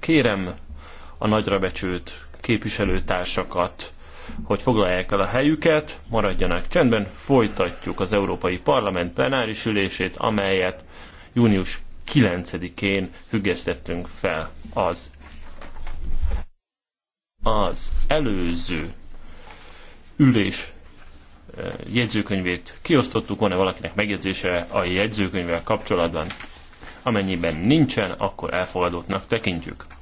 Kérem a nagyra becsült képviselőtársakat, hogy foglalják el a helyüket, maradjanak csendben, folytatjuk az Európai Parlament plenáris ülését, amelyet június 9-én függesztettünk fel az az előző ülés eh, jegyzőkönyvét kiosztottuk, van-e valakinek megjegyzése a jegyzőkönyvvel kapcsolatban? amennyiben nincsen, akkor elfogadottnak tekintjük.